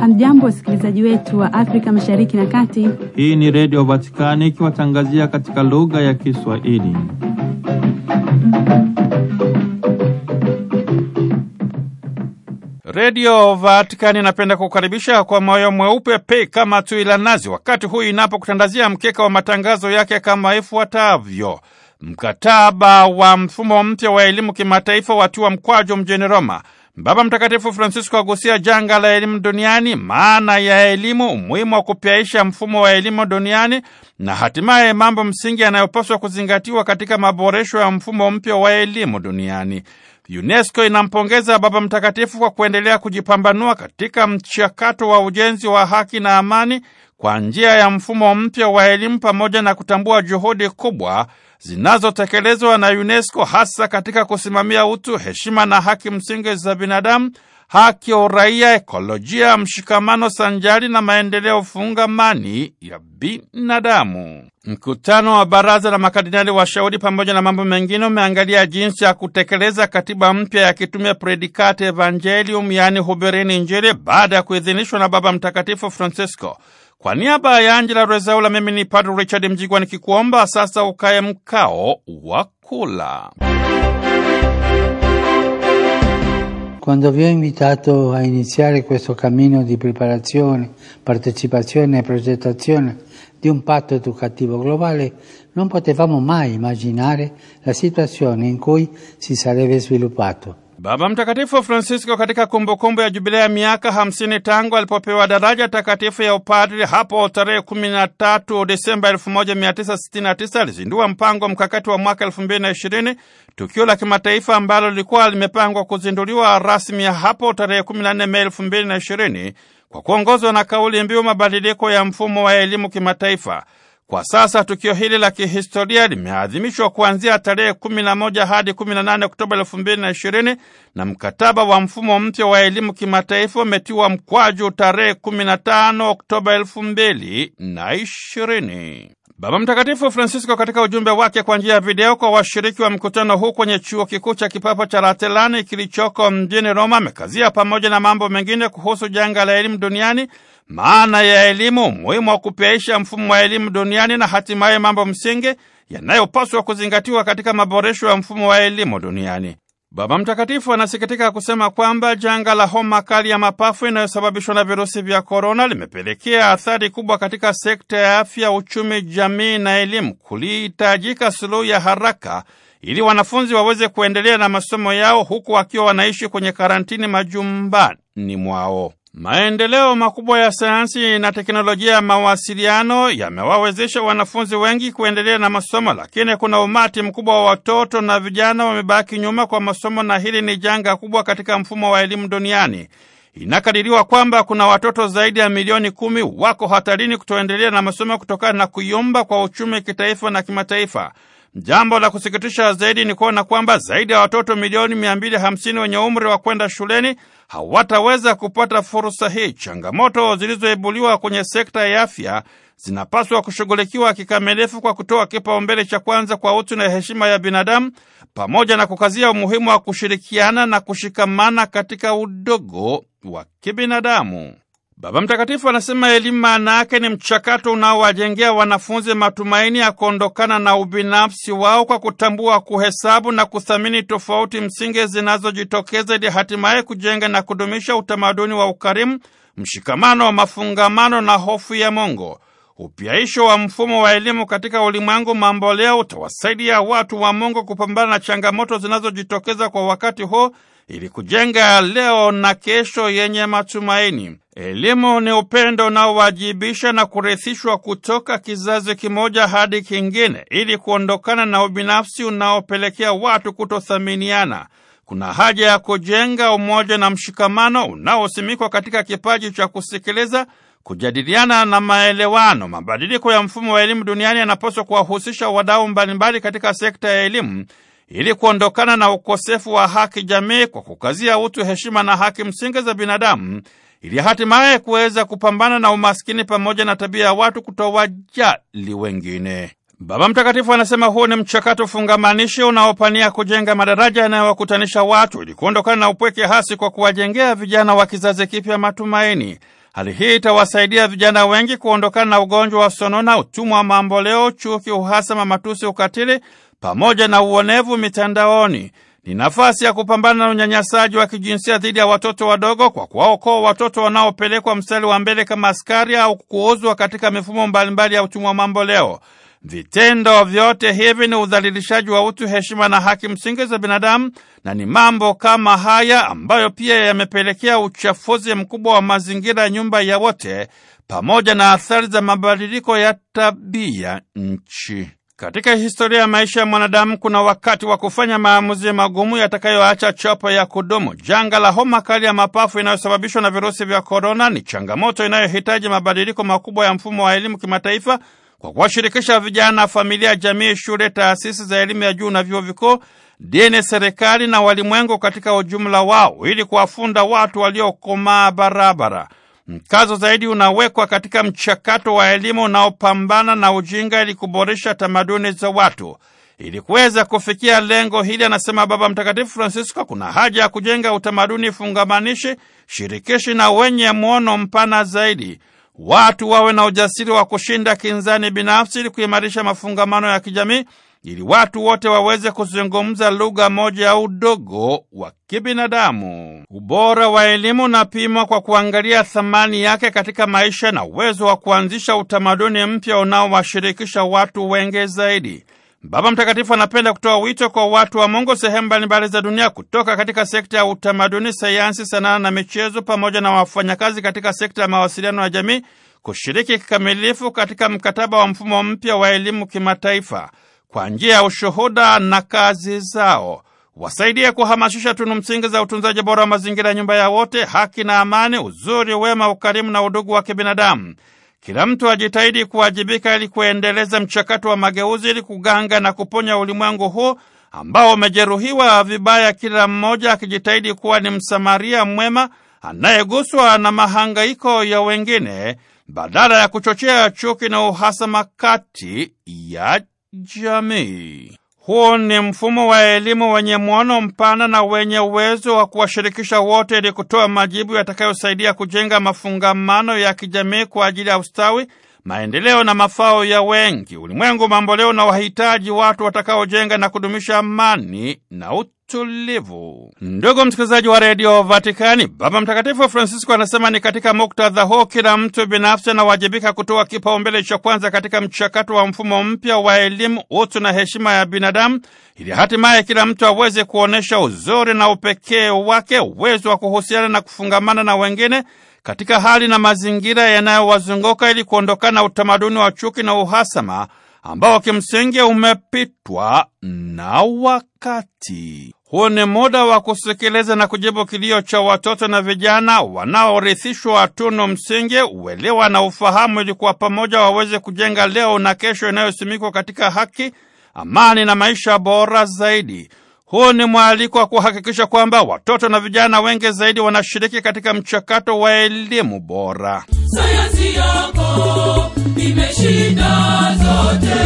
Hamjambo, wasikilizaji wetu wa Afrika Mashariki na Kati. Hii ni Redio Vatikani ikiwatangazia katika lugha ya Kiswahili. Redio Vatikani inapenda kukaribisha kwa moyo mweupe pe kama tui la nazi, wakati huu inapokutandazia mkeka wa matangazo yake kama ifuatavyo: mkataba wa mfumo mpya wa elimu kimataifa watiwa mkwaju mjini Roma. Baba Mtakatifu Francisco agusia janga la elimu duniani, maana ya elimu, umuhimu wa kupyaisha mfumo wa elimu duniani na hatimaye mambo msingi yanayopaswa kuzingatiwa katika maboresho ya mfumo mpya wa elimu duniani. UNESCO inampongeza Baba Mtakatifu kwa kuendelea kujipambanua katika mchakato wa ujenzi wa haki na amani kwa njia ya mfumo mpya wa elimu pamoja na kutambua juhudi kubwa zinazotekelezwa na UNESCO hasa katika kusimamia utu, heshima na haki msingi za binadamu, haki uraia, ekolojia, mshikamano sanjari na maendeleo fungamani ya binadamu. Mkutano wa Baraza la Makardinali Washauri pamoja na mambo mengine umeangalia jinsi ya kutekeleza katiba mpya ya kitume Predikate Evangelium, yaani hubirini Injili, baada ya kuidhinishwa na Baba Mtakatifu Francisco. Kwa niaba ya Angela Rezaula, mimi ni Padre Richard Mjigwa nikikuomba sasa ukae mkao wa kula. Quando vi ho invitato a iniziare questo cammino di preparazione, partecipazione e progettazione di un patto educativo globale, non potevamo mai immaginare la situazione in cui si sarebbe sviluppato. Baba Mtakatifu Francisco katika kumbukumbu ya jubilea ya miaka hamsini tangu alipopewa daraja takatifu ya upadri hapo tarehe kumi na tatu Desemba 1969 alizindua mpango mkakati wa mwaka 2020, tukio la kimataifa ambalo lilikuwa limepangwa kuzinduliwa rasmi ya hapo tarehe 14 Mei 2020 kwa kuongozwa na kauli mbiu mabadiliko ya mfumo wa elimu kimataifa. Kwa sasa tukio hili la kihistoria limeadhimishwa kuanzia tarehe 11 hadi 18 Oktoba 2020 na mkataba wa mfumo mpya wa elimu kimataifa umetiwa mkwaju tarehe 15 Oktoba 2020. Baba Mtakatifu Francisco katika ujumbe wake kwa njia ya video kwa washiriki wa mkutano huu kwenye chuo kikuu cha kipapa cha Laterani kilichoko mjini Roma amekazia pamoja na mambo mengine kuhusu janga la elimu duniani maana ya elimu, umuhimu wa kupeaisha mfumo wa elimu duniani na hatimaye mambo msingi yanayopaswa kuzingatiwa katika maboresho ya mfumo wa elimu duniani. Baba Mtakatifu anasikitika kusema kwamba janga la homa kali ya mapafu inayosababishwa na virusi vya korona limepelekea athari kubwa katika sekta ya afya, uchumi, jamii na elimu. Kulihitajika suluhu ya haraka ili wanafunzi waweze kuendelea na masomo yao huku wakiwa wanaishi kwenye karantini majumbani mwao. Maendeleo makubwa ya sayansi na teknolojia ya mawasiliano yamewawezesha wanafunzi wengi kuendelea na masomo, lakini kuna umati mkubwa wa watoto na vijana wamebaki nyuma kwa masomo, na hili ni janga kubwa katika mfumo wa elimu duniani. Inakadiriwa kwamba kuna watoto zaidi ya milioni kumi wako hatarini kutoendelea na masomo kutokana na kuyumba kwa uchumi kitaifa na kimataifa. Jambo la kusikitisha zaidi ni kuona kwamba zaidi ya watoto milioni 250 wenye umri wa kwenda shuleni hawataweza kupata fursa hii. Changamoto zilizoibuliwa kwenye sekta ya afya zinapaswa kushughulikiwa kikamilifu kwa kutoa kipaumbele cha kwanza kwa utu na heshima ya binadamu pamoja na kukazia umuhimu wa kushirikiana na kushikamana katika udogo wa kibinadamu. Baba Mtakatifu anasema elimu maana yake ni mchakato unaowajengea wanafunzi matumaini ya kuondokana na ubinafsi wao kwa kutambua, kuhesabu na kuthamini tofauti msingi zinazojitokeza ili hatimaye kujenga na kudumisha utamaduni wa ukarimu, mshikamano wa mafungamano na hofu ya Mungu. Upyaisho wa mfumo wa elimu katika ulimwengu mambo leo utawasaidia watu wa Mungu kupambana na changamoto zinazojitokeza kwa wakati huu ili kujenga leo na kesho yenye matumaini. Elimu ni upendo unaowajibisha na kurithishwa kutoka kizazi kimoja hadi kingine, ili kuondokana na ubinafsi unaopelekea watu kutothaminiana. Kuna haja ya kujenga umoja na mshikamano unaosimikwa katika kipaji cha kusikiliza, kujadiliana na maelewano. Mabadiliko ya mfumo wa elimu duniani yanapaswa kuwahusisha wadau mbalimbali katika sekta ya elimu ili kuondokana na ukosefu wa haki jamii kwa kukazia utu, heshima na haki msingi za binadamu ili hatimaye kuweza kupambana na umaskini pamoja na tabia ya watu kutowajali wengine. Baba Mtakatifu anasema huu ni mchakato fungamanishi unaopania kujenga madaraja yanayowakutanisha watu ili kuondokana na upweke hasi kwa kuwajengea vijana wa kizazi kipya matumaini. Hali hii itawasaidia vijana wengi kuondokana na ugonjwa wa sonona, utumwa wa mamboleo, chuki, uhasama, matusi, ukatili pamoja na uonevu mitandaoni ni nafasi ya kupambana na unyanyasaji wa kijinsia dhidi ya watoto wadogo kwa kuwaokoa watoto wanaopelekwa mstari wa mbele kama askari au kuuzwa katika mifumo mbalimbali ya utumwa leo Vitendo vyote hivi ni udhalilishaji wa utu, heshima na haki msingi za binadamu, na ni mambo kama haya ambayo pia yamepelekea uchafuzi mkubwa wa mazingira, nyumba ya wote, pamoja na athari za mabadiliko ya tabia nchi. Katika historia ya maisha ya mwanadamu kuna wakati wa kufanya maamuzi magumu yatakayoacha chopo ya kudumu. Janga la homa kali ya mapafu inayosababishwa na virusi vya korona ni changamoto inayohitaji mabadiliko makubwa ya mfumo wa elimu kimataifa kwa kuwashirikisha vijana, familia, jamii, shule, taasisi za elimu ya juu na vyuo vikuu, dini, serikali na walimwengu katika ujumla wao, ili kuwafunda watu waliokomaa barabara. Mkazo zaidi unawekwa katika mchakato wa elimu unaopambana na ujinga ili kuboresha tamaduni za watu. Ili kuweza kufikia lengo hili, anasema Baba Mtakatifu Francisco, kuna haja ya kujenga utamaduni fungamanishi, shirikishi na wenye mwono mpana zaidi. Watu wawe na ujasiri wa kushinda kinzani binafsi ili kuimarisha mafungamano ya kijamii ili watu wote waweze kuzungumza lugha moja au udogo wa kibinadamu. Ubora wa elimu unapimwa kwa kuangalia thamani yake katika maisha na uwezo wa kuanzisha utamaduni mpya unaowashirikisha watu wengi zaidi. Baba Mtakatifu anapenda kutoa wito kwa watu wa Mungu sehemu mbalimbali za dunia kutoka katika sekta ya utamaduni, sayansi, sanaa na michezo, pamoja na wafanyakazi katika sekta ya mawasiliano ya jamii kushiriki kikamilifu katika mkataba wa mfumo mpya wa elimu kimataifa kwa njia ya ushuhuda na kazi zao. Wasaidie kuhamasisha tunu msingi za utunzaji bora wa mazingira ya nyumba ya wote, haki na amani, uzuri, wema, ukarimu na udugu wa kibinadamu. Kila mtu ajitahidi kuwajibika ili kuendeleza mchakato wa mageuzi ili kuganga na kuponya ulimwengu huu ambao umejeruhiwa vibaya, kila mmoja akijitahidi kuwa ni msamaria mwema anayeguswa na mahangaiko ya wengine badala ya kuchochea chuki na uhasama kati ya jamii. Huu ni mfumo wa elimu wenye mwono mpana na wenye uwezo wa kuwashirikisha wote ili kutoa majibu yatakayosaidia kujenga mafungamano ya kijamii kwa ajili ya ustawi maendeleo na mafao ya wengi. Ulimwengu mamboleo na wahitaji watu watakaojenga na kudumisha amani na utulivu. Ndugu msikilizaji wa redio Vatikani, Baba Mtakatifu Francisco anasema ni katika muktadha huo kila mtu binafsi anawajibika kutoa kipaumbele cha kwanza katika mchakato wa mfumo mpya wa elimu, utu na heshima ya binadamu, ili hatimaye kila mtu aweze kuonyesha uzuri na upekee wake, uwezo wa kuhusiana na kufungamana na wengine katika hali na mazingira yanayowazunguka ili kuondokana na utamaduni wa chuki na uhasama ambao kimsingi umepitwa na wakati. Huu ni muda wa kusikiliza na kujibu kilio cha watoto na vijana wanaorithishwa tunu msingi, uelewa na ufahamu, ili kwa pamoja waweze kujenga leo na kesho inayosimikwa katika haki, amani na maisha bora zaidi. Huu ni mwaliko wa kuhakikisha kwamba watoto na vijana wengi zaidi wanashiriki katika mchakato wa elimu bora. Sayansi yako imeshinda zote.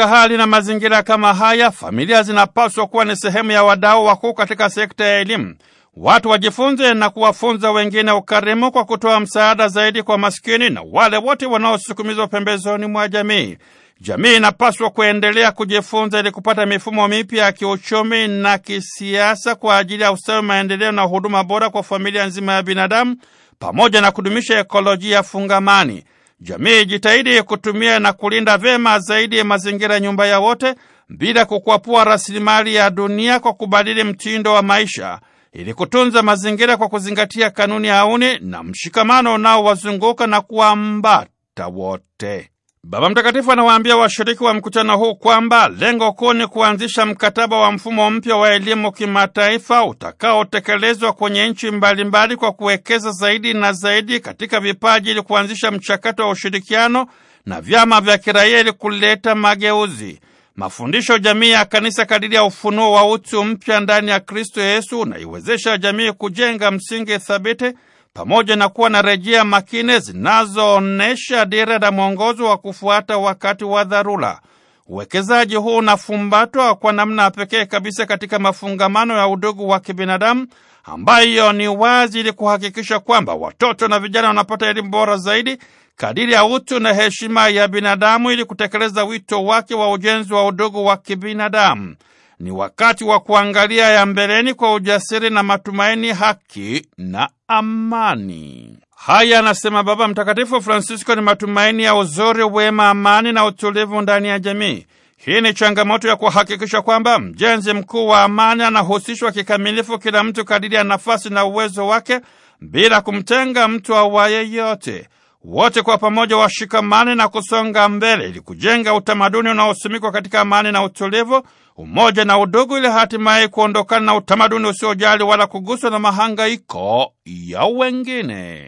Katika hali na mazingira kama haya, familia zinapaswa kuwa ni sehemu ya wadau wakuu katika sekta ya elimu. Watu wajifunze na kuwafunza wengine ukarimu kwa kutoa msaada zaidi kwa maskini na wale wote wanaosukumizwa pembezoni mwa jamii. Jamii inapaswa kuendelea kujifunza ili kupata mifumo mipya ya kiuchumi na kisiasa kwa ajili ya ustawi, maendeleo na huduma bora kwa familia nzima ya binadamu pamoja na kudumisha ekolojia fungamani. Jamii jitahidi kutumia na kulinda vyema zaidi mazingira nyumba ya wote bila kukwapua rasilimali ya dunia kwa kubadili mtindo wa maisha ili kutunza mazingira kwa kuzingatia kanuni auni na mshikamano unaowazunguka na kuambata wote. Baba Mtakatifu anawaambia washiriki wa mkutano huu kwamba lengo kuu ni kuanzisha mkataba wa mfumo mpya wa elimu kimataifa utakaotekelezwa kwenye nchi mbalimbali kwa kuwekeza zaidi na zaidi katika vipaji ili kuanzisha mchakato wa ushirikiano na vyama vya kiraia ili kuleta mageuzi. Mafundisho jamii ya kanisa kadiri ya ufunuo wa utu mpya ndani ya Kristo Yesu unaiwezesha jamii kujenga msingi thabiti pamoja na kuwa na rejea makini zinazoonyesha dira na mwongozo wa kufuata wakati wa dharura. Uwekezaji huu unafumbatwa kwa namna pekee kabisa katika mafungamano ya udugu wa kibinadamu ambayo ni wazi, ili kuhakikisha kwamba watoto na vijana wanapata elimu bora zaidi kadiri ya utu na heshima ya binadamu, ili kutekeleza wito wake wa ujenzi wa udugu wa kibinadamu. Ni wakati wa kuangalia ya mbeleni kwa ujasiri na matumaini, haki na amani. Haya anasema Baba Mtakatifu Francisco ni matumaini ya uzuri, wema, amani na utulivu ndani ya jamii. Hii ni changamoto ya kuhakikisha kwamba mjenzi mkuu wa amani anahusishwa kikamilifu kila mtu kadiri ya nafasi na uwezo wake bila kumtenga mtu awaye yote. Wote kwa pamoja washikamane na kusonga mbele ili kujenga utamaduni unaosimikwa katika amani na utulivu umoja na udugu, ili hatimaye kuondokana na utamaduni usiojali wala kuguswa na mahangaiko ya wengine.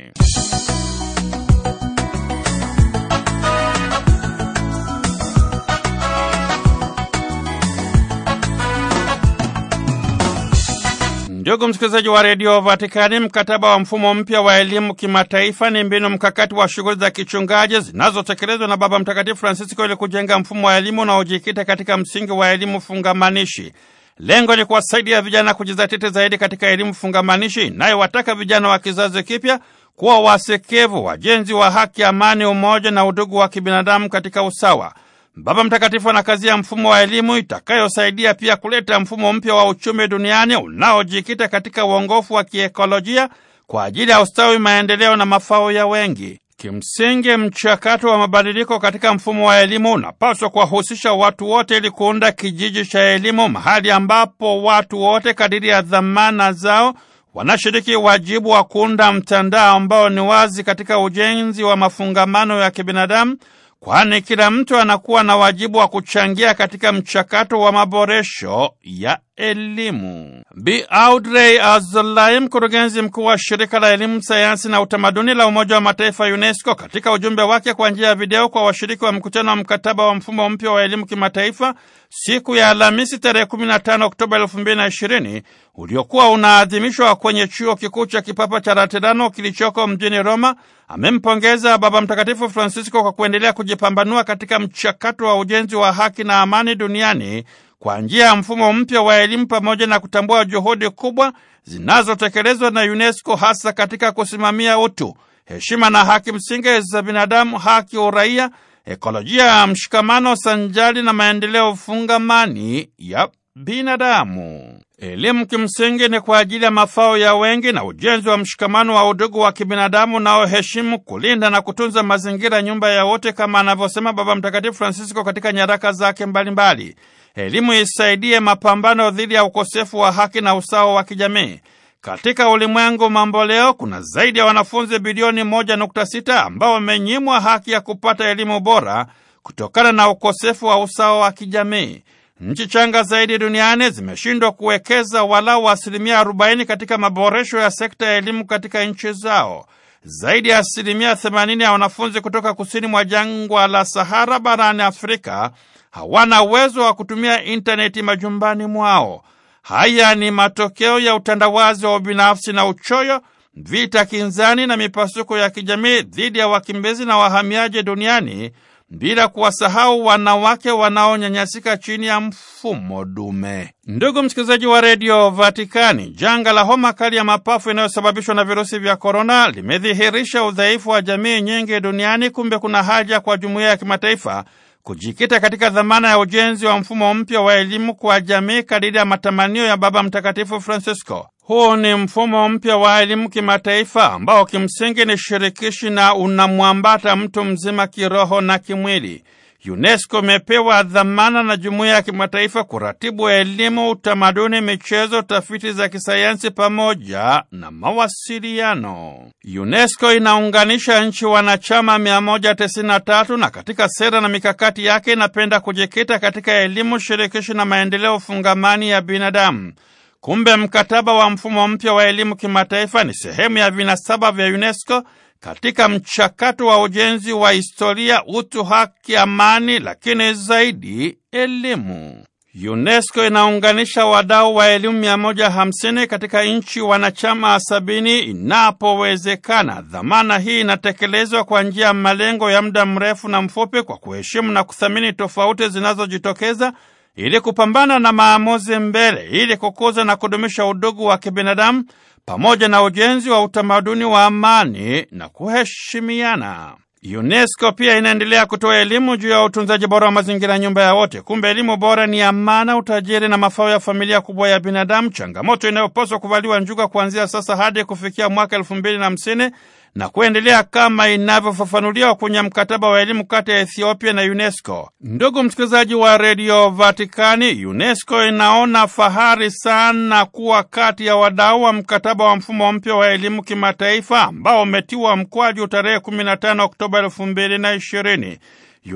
Ndugu msikilizaji wa redio Vatikani, mkataba wa mfumo mpya wa elimu kimataifa ni mbinu mkakati wa shughuli za kichungaji zinazotekelezwa na Baba Mtakatifu Francisco ili kujenga mfumo wa elimu unaojikita katika msingi wa elimu fungamanishi. Lengo ni kuwasaidia vijana kujizatiti zaidi katika elimu fungamanishi inayowataka vijana wa kizazi kipya kuwa wasekevu wajenzi wa haki, amani, umoja na udugu wa kibinadamu katika usawa. Baba Mtakatifu anakazia mfumo wa elimu itakayosaidia pia kuleta mfumo mpya wa uchumi duniani unaojikita katika uongofu wa kiekolojia kwa ajili ya ustawi, maendeleo na mafao ya wengi. Kimsingi, mchakato wa mabadiliko katika mfumo wa elimu unapaswa kuwahusisha watu wote ili kuunda kijiji cha elimu, mahali ambapo watu wote kadiri ya dhamana zao wanashiriki wajibu wa kuunda mtandao ambao ni wazi katika ujenzi wa mafungamano ya kibinadamu kwani kila mtu anakuwa na wajibu wa kuchangia katika mchakato wa maboresho ya elimu. Bi Audrey Azoulay, mkurugenzi mkuu wa shirika la elimu, sayansi na utamaduni la Umoja wa Mataifa, UNESCO, katika ujumbe wake kwa njia ya video kwa washiriki wa mkutano wa mkataba wa mfumo mpya wa elimu kimataifa siku ya Alhamisi tarehe 15 Oktoba 2020 uliokuwa unaadhimishwa kwenye chuo kikuu cha kipapa cha Laterano kilichoko mjini Roma, amempongeza Baba Mtakatifu Francisco kwa kuendelea kujipambanua katika mchakato wa ujenzi wa haki na amani duniani kwa njia ya mfumo mpya wa elimu pamoja na kutambua juhudi kubwa zinazotekelezwa na UNESCO hasa katika kusimamia utu, heshima na haki msingi za binadamu, haki, uraia, ekolojia ya mshikamano sanjali na maendeleo fungamani ya binadamu. Elimu kimsingi ni kwa ajili ya mafao ya wengi na ujenzi wa mshikamano wa udugu wa kibinadamu unaoheshimu, kulinda na kutunza mazingira, nyumba ya wote, kama anavyosema Baba Mtakatifu Francisco katika nyaraka zake mbalimbali mbali elimu isaidie mapambano dhidi ya ukosefu wa haki na usawa wa kijamii. Katika ulimwengu mambo leo kuna zaidi ya wanafunzi bilioni 16 ambao wamenyimwa haki ya kupata elimu bora kutokana na ukosefu wa usawa wa kijamii. Nchi changa zaidi duniani zimeshindwa kuwekeza walau asilimia 40 katika maboresho ya sekta ya elimu katika nchi zao. Zaidi ya asilimia 80 ya wanafunzi kutoka kusini mwa jangwa la Sahara barani Afrika hawana uwezo wa kutumia intaneti majumbani mwao. Haya ni matokeo ya utandawazi wa ubinafsi na uchoyo, vita kinzani na mipasuko ya kijamii dhidi ya wakimbizi na wahamiaji duniani, bila kuwasahau wanawake wanaonyanyasika chini ya mfumo dume. Ndugu msikilizaji wa redio Vatikani, janga la homa kali ya mapafu inayosababishwa na virusi vya korona limedhihirisha udhaifu wa jamii nyingi duniani. Kumbe kuna haja kwa jumuiya ya kimataifa kujikita katika dhamana ya ujenzi wa mfumo mpya wa elimu kwa jamii kadiri ya matamanio ya Baba Mtakatifu Francisco. Huu ni mfumo mpya wa elimu kimataifa ambao kimsingi ni shirikishi na unamwambata mtu mzima kiroho na kimwili. UNESCO imepewa dhamana na jumuiya ya kimataifa kuratibu elimu, utamaduni, michezo, tafiti za kisayansi pamoja na mawasiliano. UNESCO inaunganisha nchi wanachama 193 na katika sera na mikakati yake inapenda kujikita katika elimu shirikishi na maendeleo fungamani ya binadamu. Kumbe mkataba wa mfumo mpya wa elimu kimataifa ni sehemu ya vinasaba vya UNESCO katika mchakato wa ujenzi wa historia, utu, haki, amani, lakini zaidi elimu. UNESCO inaunganisha wadau wa elimu 150 katika nchi wanachama sabini inapowezekana. Dhamana hii inatekelezwa kwa njia ya malengo ya muda mrefu na mfupi, kwa kuheshimu na kuthamini tofauti zinazojitokeza ili kupambana na maamuzi mbele, ili kukuza na kudumisha udugu wa kibinadamu pamoja na ujenzi wa utamaduni wa amani na kuheshimiana. UNESCO pia inaendelea kutoa elimu juu ya utunzaji bora wa mazingira, nyumba ya wote. Kumbe elimu bora ni amana, utajiri na mafao ya familia kubwa ya binadamu, changamoto inayopaswa kuvaliwa njuga kuanzia sasa hadi kufikia mwaka elfu mbili na hamsini na kuendelea kama inavyofafanuliwa kwenye mkataba wa elimu kati ya Ethiopia na UNESCO. Ndugu msikilizaji wa redio Vatikani, UNESCO inaona fahari sana kuwa kati ya wadau wa mkataba wa mfumo mpya wa elimu kimataifa ambao umetiwa mkwaju tarehe 15 Oktoba 2020.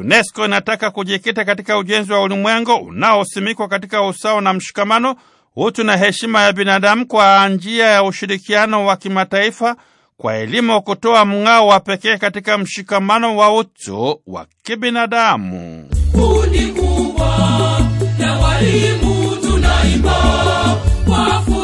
UNESCO inataka kujikita katika ujenzi wa ulimwengu unaosimikwa katika usawa na mshikamano, utu na heshima ya binadamu kwa njia ya ushirikiano wa kimataifa kwa elimu kutoa mng'ao wa pekee katika mshikamano wa utu wa kibinadamu. Kundi kubwa la walimu tunaimba wafu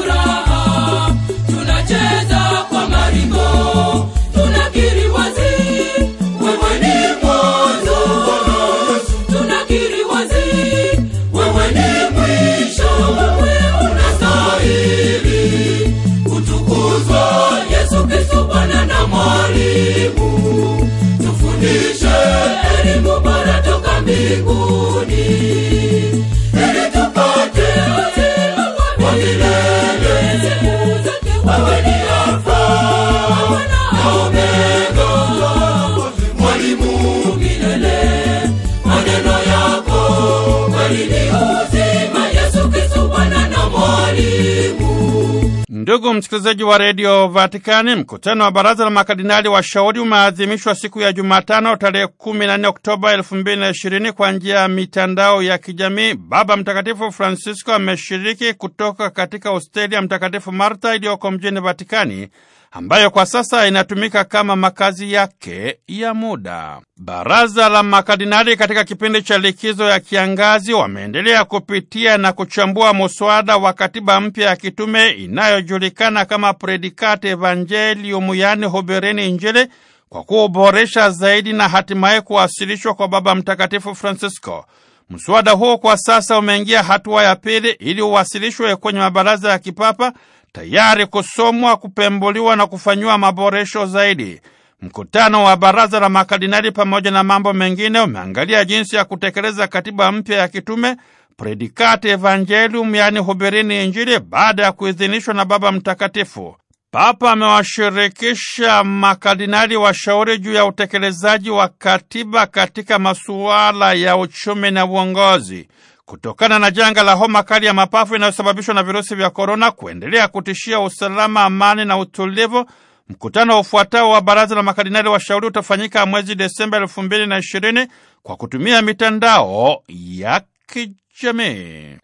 Ndugu msikilizaji wa redio Vatikani, mkutano wa baraza la makardinali washauri umeadhimishwa siku ya Jumatano tarehe 14 Oktoba 2020 kwa njia ya mitandao ya kijamii. Baba Mtakatifu Francisco ameshiriki kutoka katika hosteli ya Mtakatifu Marta iliyoko mjini Vatikani ambayo kwa sasa inatumika kama makazi yake ya muda. Baraza la makardinali katika kipindi cha likizo ya kiangazi wameendelea kupitia na kuchambua muswada wa katiba mpya ya kitume inayojulikana kama Predikate Evangelium, yani hubirini Injili, kwa kuboresha zaidi na hatimaye kuwasilishwa kwa Baba Mtakatifu Francisco. Mswada huo kwa sasa umeingia hatua ya pili ili uwasilishwe kwenye mabaraza ya kipapa tayari kusomwa, kupembuliwa na kufanyiwa maboresho zaidi. Mkutano wa Baraza la Makardinali pamoja na mambo mengine umeangalia jinsi ya kutekeleza katiba mpya ya kitume Predikati Evangelium, yaani hubirini Injili, baada ya kuidhinishwa na Baba Mtakatifu. Papa amewashirikisha makardinali washauri juu ya utekelezaji wa katiba katika masuala ya uchumi na uongozi kutokana na janga la homa kali ya mapafu inayosababishwa na virusi vya korona kuendelea kutishia usalama, amani na utulivu, mkutano ufuatao wa baraza la makardinali washauri utafanyika mwezi Desemba elfu mbili na ishirini kwa kutumia mitandao ya kijamii.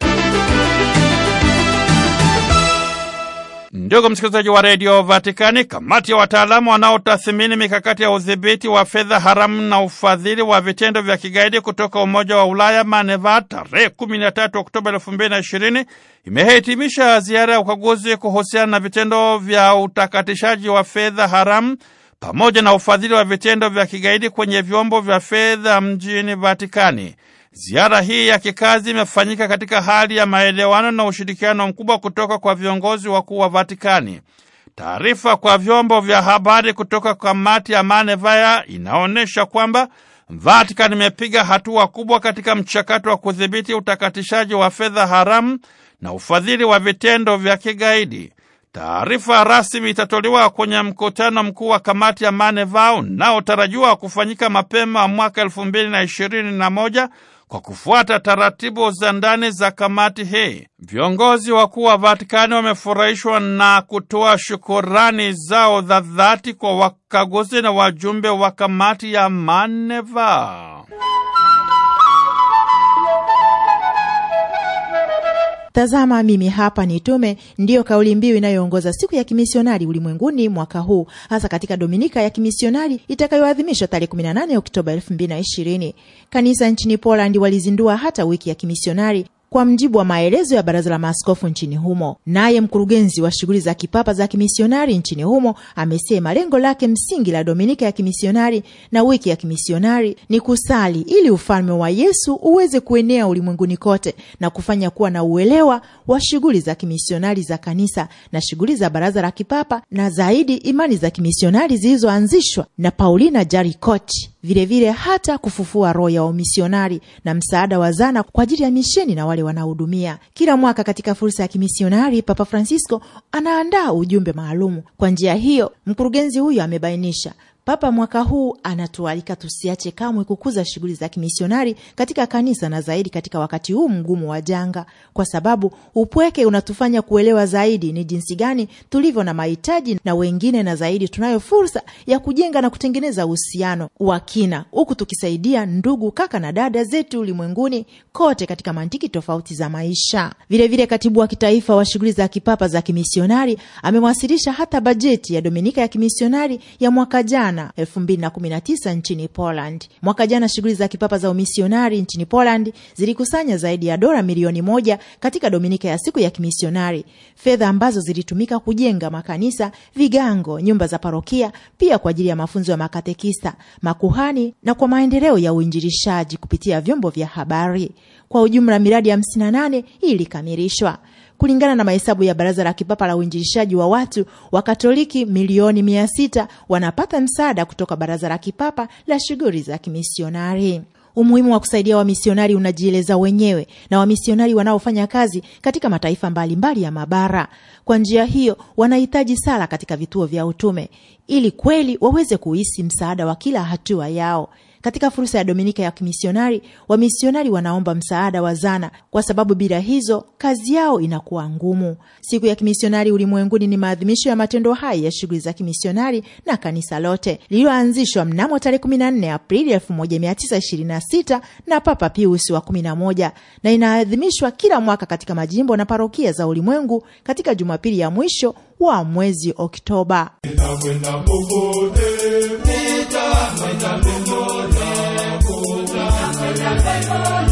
Ndugu msikilizaji wa redio Vatikani, kamati ya wataalamu wanaotathimini mikakati ya udhibiti wa fedha haramu na ufadhili wa vitendo vya kigaidi kutoka Umoja wa Ulaya MANEVA tarehe 13 Oktoba 2020 imehitimisha ziara ya ukaguzi kuhusiana na vitendo vya utakatishaji wa fedha haramu pamoja na ufadhili wa vitendo vya kigaidi kwenye vyombo vya fedha mjini Vatikani. Ziara hii ya kikazi imefanyika katika hali ya maelewano na ushirikiano mkubwa kutoka kwa viongozi wakuu wa Vatikani. Taarifa kwa vyombo vya habari kutoka kamati ya Manevaya inaonyesha kwamba Vatikani imepiga hatua kubwa katika mchakato wa kudhibiti utakatishaji wa fedha haramu na ufadhili wa vitendo vya kigaidi. Taarifa rasmi itatolewa kwenye mkutano mkuu wa kamati ya Maneva unaotarajiwa kufanyika mapema mwaka elfu mbili na ishirini na moja kwa kufuata taratibu za ndani za kamati hii, viongozi wakuu wa Vatikani wamefurahishwa na kutoa shukurani zao za dhati kwa wakaguzi na wajumbe wa kamati ya maneva. Tazama mimi hapa nitume, ndiyo kauli mbiu inayoongoza siku ya kimisionari ulimwenguni mwaka huu, hasa katika dominika ya kimisionari itakayoadhimishwa tarehe 18 Oktoba 2020. Kanisa nchini Poland walizindua hata wiki ya kimisionari kwa mjibu wa maelezo ya baraza la maaskofu nchini humo. Naye mkurugenzi wa shughuli za kipapa za kimisionari nchini humo amesema lengo lake msingi la Dominika ya kimisionari na wiki ya kimisionari ni kusali ili ufalme wa Yesu uweze kuenea ulimwenguni kote na kufanya kuwa na uelewa wa shughuli za kimisionari za kanisa na shughuli za baraza la kipapa na zaidi imani za kimisionari zilizoanzishwa na Paulina Jaricot, vilevile hata kufufua roho ya umisionari na msaada wa zana kwa ajili ya misheni na wale wale wanaohudumia. Kila mwaka katika fursa ya kimisionari, Papa Francisco anaandaa ujumbe maalumu. Kwa njia hiyo, mkurugenzi huyo amebainisha Papa mwaka huu anatualika tusiache kamwe kukuza shughuli za kimisionari katika kanisa na zaidi katika wakati huu mgumu wa janga, kwa sababu upweke unatufanya kuelewa zaidi ni jinsi gani tulivyo na mahitaji na wengine, na zaidi tunayo fursa ya kujenga na kutengeneza uhusiano wa kina, huku tukisaidia ndugu, kaka na dada zetu ulimwenguni kote katika mantiki tofauti za maisha. Vilevile vile katibu wa kitaifa wa shughuli za kipapa za kimisionari amewasilisha hata bajeti ya Dominika ya kimisionari ya mwaka jana jana 2019 nchini Poland. Mwaka jana shughuli za kipapa za umisionari nchini Poland zilikusanya zaidi ya dola milioni moja katika Dominika ya siku ya kimisionari, fedha ambazo zilitumika kujenga makanisa, vigango, nyumba za parokia, pia kwa ajili ya mafunzo ya makatekista, makuhani na kwa maendeleo ya uinjilishaji kupitia vyombo vya habari. Kwa ujumla miradi 58 ilikamilishwa. Kulingana na mahesabu ya Baraza la Kipapa la Uinjilishaji wa watu wa katoliki milioni mia sita wanapata msaada kutoka Baraza la Kipapa la Shughuli za Kimisionari. Umuhimu wa kusaidia wamisionari unajieleza wenyewe na wamisionari wanaofanya kazi katika mataifa mbalimbali mbali ya mabara. Kwa njia hiyo, wanahitaji sala katika vituo vya utume ili kweli waweze kuhisi msaada wa kila hatua yao. Katika fursa ya Dominika ya Kimisionari, wamisionari wanaomba msaada wa zana, kwa sababu bila hizo kazi yao inakuwa ngumu. Siku ya Kimisionari Ulimwenguni ni maadhimisho ya matendo hai ya shughuli za kimisionari na kanisa lote, lililoanzishwa mnamo tarehe 14 Aprili 1926 na Papa Pius wa 11 na inaadhimishwa kila mwaka katika majimbo na parokia za ulimwengu katika Jumapili ya mwisho wa mwezi Oktoba. I'm gonna be muita lumbo.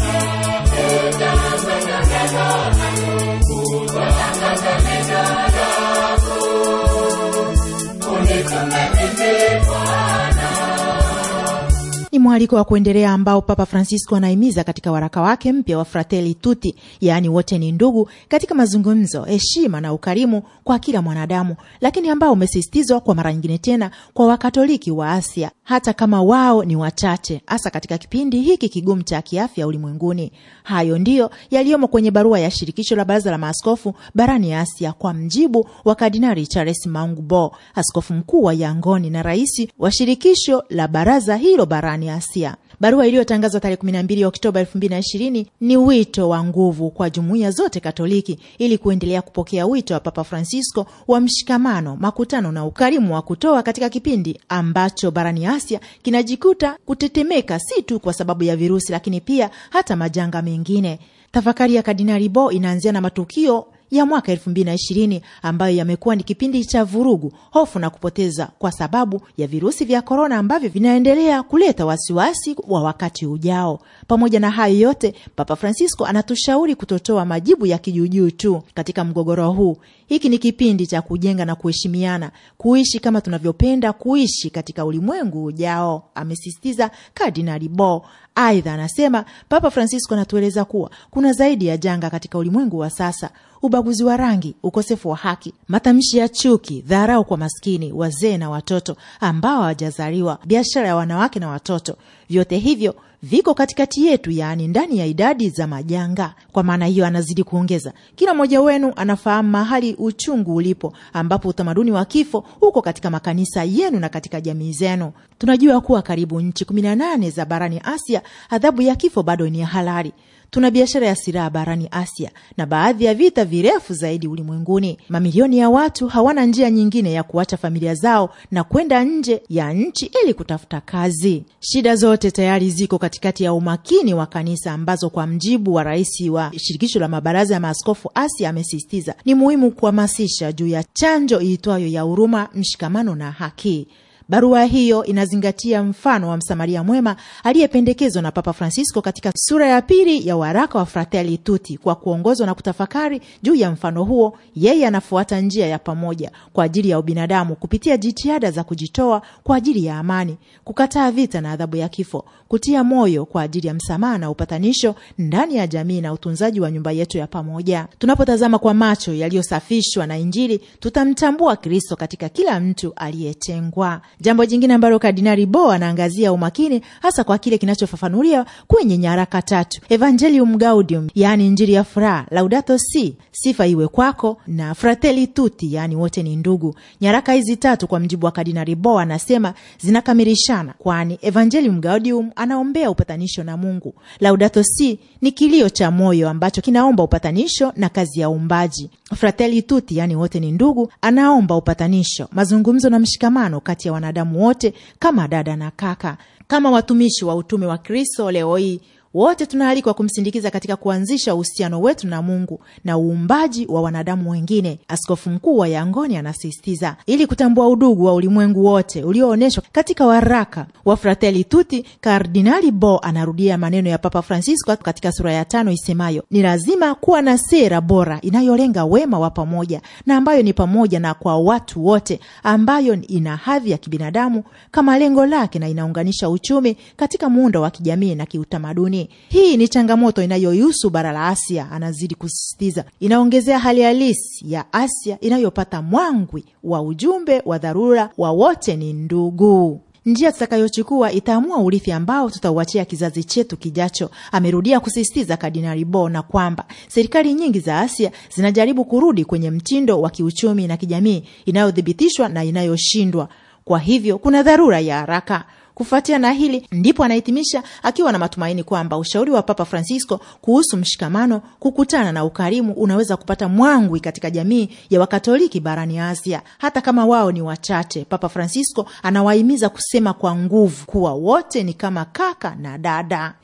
mwaliko wa kuendelea ambao Papa Francisco anahimiza katika waraka wake mpya wa Fratelli Tutti, yaani wote ni ndugu, katika mazungumzo, heshima na ukarimu kwa kila mwanadamu, lakini ambao umesisitizwa kwa mara nyingine tena kwa Wakatoliki wa Asia, hata kama wao ni wachache, hasa katika kipindi hiki kigumu cha kiafya ulimwenguni. Hayo ndiyo yaliyomo kwenye barua ya shirikisho la baraza la maaskofu barani Asia kwa mjibu wa Kardinali Charles maungbo askofu mkuu wa Yangoni na rais wa shirikisho la baraza hilo barani Asia ghasia. Barua iliyotangazwa tarehe 12 Oktoba 2020 ni wito wa nguvu kwa jumuiya zote Katoliki ili kuendelea kupokea wito wa Papa Francisco wa mshikamano, makutano na ukarimu wa kutoa katika kipindi ambacho barani Asia kinajikuta kutetemeka, si tu kwa sababu ya virusi, lakini pia hata majanga mengine. Tafakari ya Kardinali Bo inaanzia na matukio ya mwaka elfu mbili na ishirini ambayo yamekuwa ni kipindi cha vurugu, hofu na kupoteza kwa sababu ya virusi vya korona ambavyo vinaendelea kuleta wasiwasi wa wakati ujao. Pamoja na hayo yote, Papa Francisco anatushauri kutotoa majibu ya kijuujuu tu katika mgogoro huu. Hiki ni kipindi cha kujenga na kuheshimiana, kuishi kama tunavyopenda kuishi katika ulimwengu ujao, amesisitiza Kardinali Bo Aidha, anasema Papa Francisco anatueleza kuwa kuna zaidi ya janga katika ulimwengu wa sasa: ubaguzi wa rangi, ukosefu wa haki, matamshi ya chuki, dharau kwa maskini, wazee na watoto ambao hawajazaliwa, biashara ya wanawake na watoto. Vyote hivyo viko katikati yetu, yaani ndani ya idadi za majanga. Kwa maana hiyo, anazidi kuongeza, kila mmoja wenu anafahamu mahali uchungu ulipo, ambapo utamaduni wa kifo uko katika makanisa yenu na katika jamii zenu. Tunajua kuwa karibu nchi kumi na nane za barani Asia adhabu ya kifo bado ni halali. Tuna biashara ya silaha barani Asia na baadhi ya vita virefu zaidi ulimwenguni. Mamilioni ya watu hawana njia nyingine ya kuacha familia zao na kwenda nje ya nchi ili kutafuta kazi. Shida zote tayari ziko katikati ya umakini wa kanisa, ambazo kwa mjibu wa rais wa shirikisho la mabaraza ya maaskofu Asia amesisitiza ni muhimu kuhamasisha juu ya chanjo iitwayo ya huruma, mshikamano na haki. Barua hiyo inazingatia mfano wa Msamaria mwema aliyependekezwa na Papa Francisco katika sura ya pili ya waraka wa Fratelli Tutti. Kwa kuongozwa na kutafakari juu ya mfano huo, yeye anafuata njia ya pamoja kwa ajili ya ubinadamu kupitia jitihada za kujitoa kwa ajili ya amani, kukataa vita na adhabu ya kifo, kutia moyo kwa ajili ya msamaha na upatanisho ndani ya jamii na utunzaji wa nyumba yetu ya pamoja. Tunapotazama kwa macho yaliyosafishwa na Injili, tutamtambua Kristo katika kila mtu aliyetengwa. Jambo jingine ambalo Kardinali Bo anaangazia umakini hasa kwa kile kinachofafanuliwa kwenye nyaraka tatu: Evangelium Gaudium, yaani Injili ya furaha, Laudato Si, sifa iwe kwako, na Fratelli Tutti, yaani wote ni ndugu. Nyaraka hizi tatu, kwa mjibu wa Kardinali Bo, anasema zinakamilishana, kwani Evangelium Gaudium anaombea upatanisho na Mungu, Laudato Si ni kilio cha moyo ambacho kinaomba upatanisho na kazi ya uumbaji, Fratelli Tutti, yaani wote ni ndugu, anaomba upatanisho, mazungumzo na mshikamano kati ya wana wanadamu wote kama dada na kaka, kama watumishi wa utume wa Kristo leo hii wote tunaalikwa kumsindikiza katika kuanzisha uhusiano wetu na Mungu na uumbaji wa wanadamu wengine. Askofu mkuu wa Yangoni anasisitiza, ili kutambua udugu wa ulimwengu wote ulioonyeshwa katika waraka wa Fratelli Tutti, Kardinali Bo anarudia maneno ya Papa Francisco katika sura ya tano isemayo, ni lazima kuwa na sera bora inayolenga wema wa pamoja na ambayo ni pamoja na kwa watu wote, ambayo ina hadhi ya kibinadamu kama lengo lake na inaunganisha uchumi katika muundo wa kijamii na kiutamaduni duniani. Hii ni changamoto inayoihusu bara la Asia, anazidi kusisitiza. Inaongezea hali halisi ya Asia inayopata mwangwi wa ujumbe wa dharura wa wote ni ndugu. Njia tutakayochukua itaamua urithi ambao tutauachia kizazi chetu kijacho, amerudia kusisitiza Kardinali Bo, na kwamba serikali nyingi za Asia zinajaribu kurudi kwenye mtindo wa kiuchumi na kijamii inayothibitishwa na inayoshindwa. Kwa hivyo kuna dharura ya haraka Kufuatia na hili ndipo anahitimisha akiwa na matumaini kwamba ushauri wa Papa Francisco kuhusu mshikamano, kukutana na ukarimu unaweza kupata mwangwi katika jamii ya Wakatoliki barani Asia, hata kama wao ni wachache. Papa Francisco anawahimiza kusema kwa nguvu kuwa wote ni kama kaka na dada.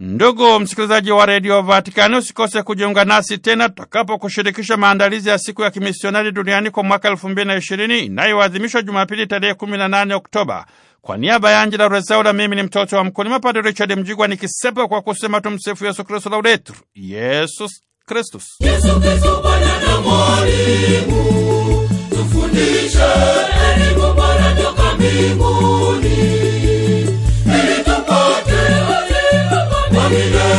Ndugu msikilizaji wa redio Vatikani, usikose kujiunga nasi tena kushirikisha maandalizi ya siku ya kimisionari duniani kwa mwaka elfu mbili na ishirini inayoadhimishwa Jumapili tarehe kumi na nane Oktoba. Kwa niaba ya Angela Rezaula, mimi ni mtoto wa mkulima Padre Richard Mjigwa nikisepa kwa kusema tumsifu Yesu Kristu, laudetur Yesus Kristus. Yesu Kristu Bwana na Mwalimu, tufundishe elimu bora toka mbinguni. coming up.